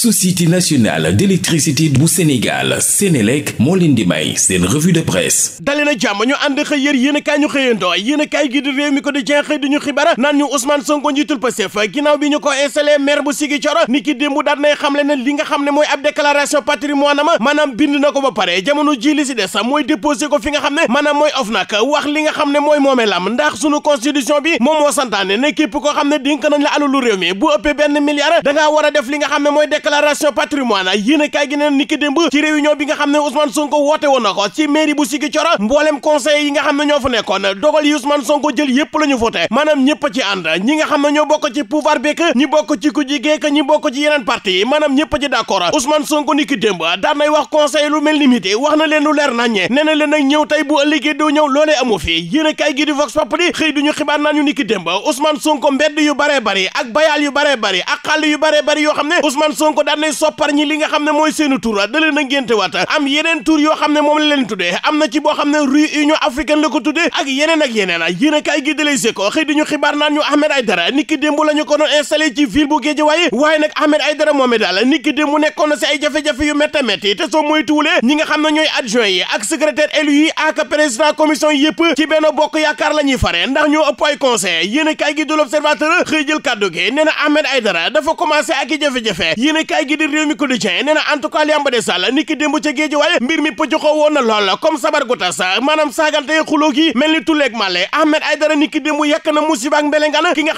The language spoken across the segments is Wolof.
société nationale d'électricité bu Sénégal Sénélec moo leen di may seen revue de presse dali na jàmm ñu ànd xëy yér yéen ñu xëyandoo yéen a réew mi ko di jen xëy duñu xibaar naan ñu Ousmane Sonko njiitul Pastef ginnaaw bi ñu ko installé maire bu Ziguinchor ni ki démb daat nay xamle ne li nga xam ne mooy ab déclaration patrimoine am maanaam bind na ko ba pare jamono ji si des mooy déposé ko fi nga xam ne maanaam mooy OFNAC wax déclaration patrimoine yéen a kaay gi neen ni ki démb ci réunion bi nga xam ne Ousmane Sonko woote woon na ko ci mairie bu Ziguinchor mbooleem conseil yi nga xam ne ñoo fa nekkoon dogal yi Ousmane Sonko jël yépp la ñu voté maanaam ñëpp ci ànd ñi nga xam ne ñoo bokk ci pouvoir beek ñi bokk ci ku jigeek ñi bokk ci yeneen parti yi maanaam ci d'accord Ousmane Sonko ni ki démb daan nay wax conseil lu mel limité wax na leen lu leer naññe nee na leen nag ñëw tey bu ëllëgee a kaay gi di vox populi xëy duñu xibaar naan ñu yu bare bari ak bayal yu bare bari ak xàll yu bare bari yoo xam ko soppar ñi li nga xam ne mooy seeni tur da ngénte waat am yeneen tur yoo xam ne moom la leen tuddee am na ci boo xam ne rue Union africaine la ko ak yeneen ak yeneen yéen a kaay gi dalee se ko xëy di ñu xibaar naan ñu Ahmed Aïdara niki démb la ñu ko doon installé ci ville bu Guédiawaye waaye nag Ahmed Aïdara moome daal niki démb nekkoon na si ay jafe-jafe yu métte métti te soo moytuwulee ñi nga xam ne ñooy adjoint yi ak secrétaire la ñuy fare ndax ñoo ëpp ay conseil yéen a kaay gi de l'observateur xëy jël kàddu gi nee na Ahmed Aïdara commencé ak i jafe-jafe kaay gi di réew mi quotidien nee na en tout cas li am ba de sàll ni ki démb ca géej waaye mbir mi pëccoxoo woon na lool comme sabar gu tas maanaam saagante xuloo gi mel ni tuleeg male Ahmed Aïdara ni ki démb yàkk na musiba ak nga xam ki nga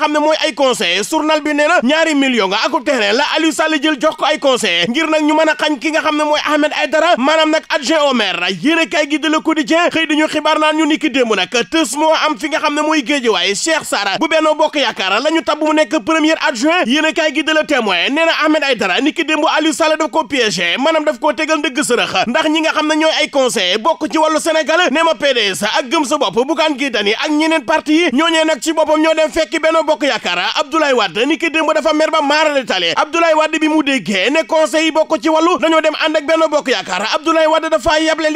xam ne mooy ay conseil journal bi nee ñaari million nga akub terrain la Aliou Sall jël jox ko ay conseil ngir ñu mën a xañ ki nga xam ne mooy Ahmed Aïdara maanaam nag adjoint au maire yéene kaay gi de le quotidien xëy dañu xibaar naan ñu ni ki démb nag tës moo am fi nga xam ne mooy waaye Cheikh Sarr bu Benno Bokk Yaakaar la ñu tabb mu nekk premier adjoint yéen a kaay gi de nee na Ahmed Aïdara ndax ñi nga xam ne ñooy ay conseil bokk ci wàllu Sénégal nee ma PDS ak gëm sa bopp bukaan gii dani ak ñeneen parti yi ñooñee nag ci boppam ñoo dem fekki Benno Bokk Yaakaar Abdoulaye Wade ni ki démb dafa mer ba maarale tale Abdoulaye Wade bi mu déggee ne conseil yi bokk ci wàllu dañoo dem ànd ak Bokk Yaakaar Abdoulaye Wade dafa yable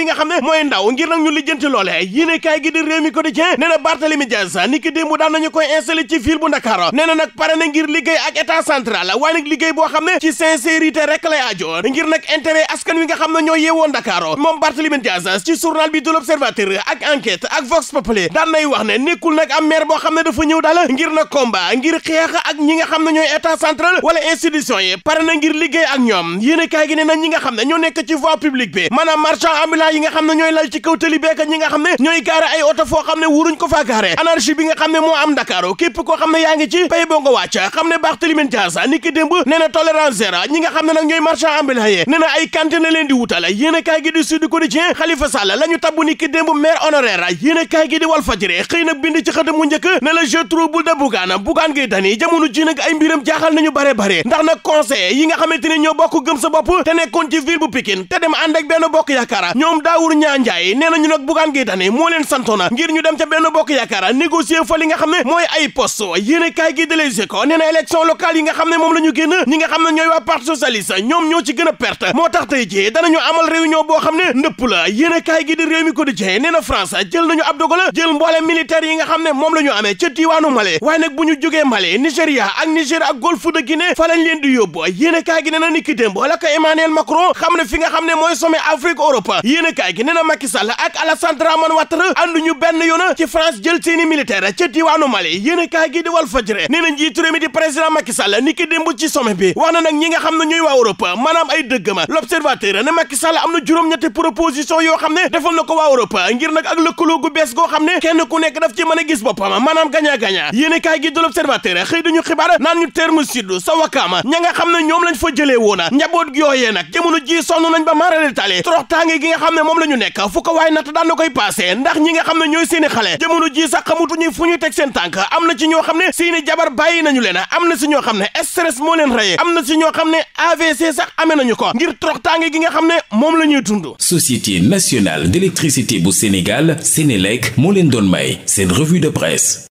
mooy ndaw ngir nag ñu lijjanti lool doole yéene kaay gi di réew mi quotidien nee na Barthélemy Dias ni ki démb daan koy installé ci ville bu Ndakaaru nee nag pare na ngir liggéey ak état central waaye nag liggéey boo xam ne ci sincérité rek lay ajo ngir nag intérêt askan wi nga xam ne ñoo yeewoo Ndakaaru moom Barthélemy Dias ci journal bi de l'Observateur ak enquête ak Vox Populi daan wax ne nekkul nag am maire boo xam ne dafa ñëw daal ngir nag combat ngir xeex ak ñi nga xam na ñooy lal ci xam ne ñooy gaare ay oto foo xam ne wuruñ ko faa gaare bi nga xam ne moo am Ndakaaru képp koo xam ne yaa ngi ci pay boo ne Barthélémy Dias ni ñi nga xam ne nag ñooy marchand ambulant ay cantine leen di wutal a kaay gi di la ñu tabbu ni ki démb maire honoraire yéen a kaay xëy na bind ci xëtam mu njëkk ne la jeu trouble de Bougane Bougane Gueye jamono ji nag ay mbiram jaaxal nañu bare bare ndax na conseil yi nga xamante ne ñoo bokk gëm sa bopp te nekkoon ci bu Pikine te dem ànd benn bokk yaakaar ñoom daawur ñaa njaay nee nañu nag Bougane Gueye Dany moo leen santoona ngir ñu dem benn bokk yaakaar négocier fa li nga xam ne mooy ay poste yéen kaay gi de Les Échos nee yi nga xam ne moom la ñu génn ñi nga xam ne ñooy waa parti socialiste ñoom ñoo ci gën a perte moo tax tey jii danañu amal réunion boo xam ne ndëpp la yéen kaay réew mi ko di jee nee na France ab dogal jël mboole militaire yi nga xam ne moom la ñu amee ca diwaanu Mali waaye nag bu ñu jógee Mali Abdourahmane Ouattara ànduñu benn yoon ci France jël seeni militaire ca diwaanu Mali yéenekaay gi di Walf Fadjri nee na njiitu mi di président Macky Sall ni ki démb ci sommet bi wax na nag ñi nga xam ne ñuy waa Europe maanaam ay dëgg ma L'Observateur ne Macky am na juróom-ñetti proposition yoo xam ne defal na ko waa Europe ngir nag ak lëkkaloo gu bees goo xam ne kenn ku nekk daf ci mën gis boppam maanaam gagnant-gagnant yéenekaay gi di gi nga xam ne la ñu passé ndax ñi nga xam ne ñooy seeni xale jamono ji sax xamutuñu fu ñu teg seen am na ci ñoo xam ne seeni jabar bàyyi nañu leen am na si ñoo xam ne stress moo leen reyee am na si ñoo xam ne AVC sax amee nañu ko ngir toroxtaange gi nga xam ne moom la ñuy dund Société nationale d'électricité bu Sénégal Sénélec moo leen doon may seen revue de presse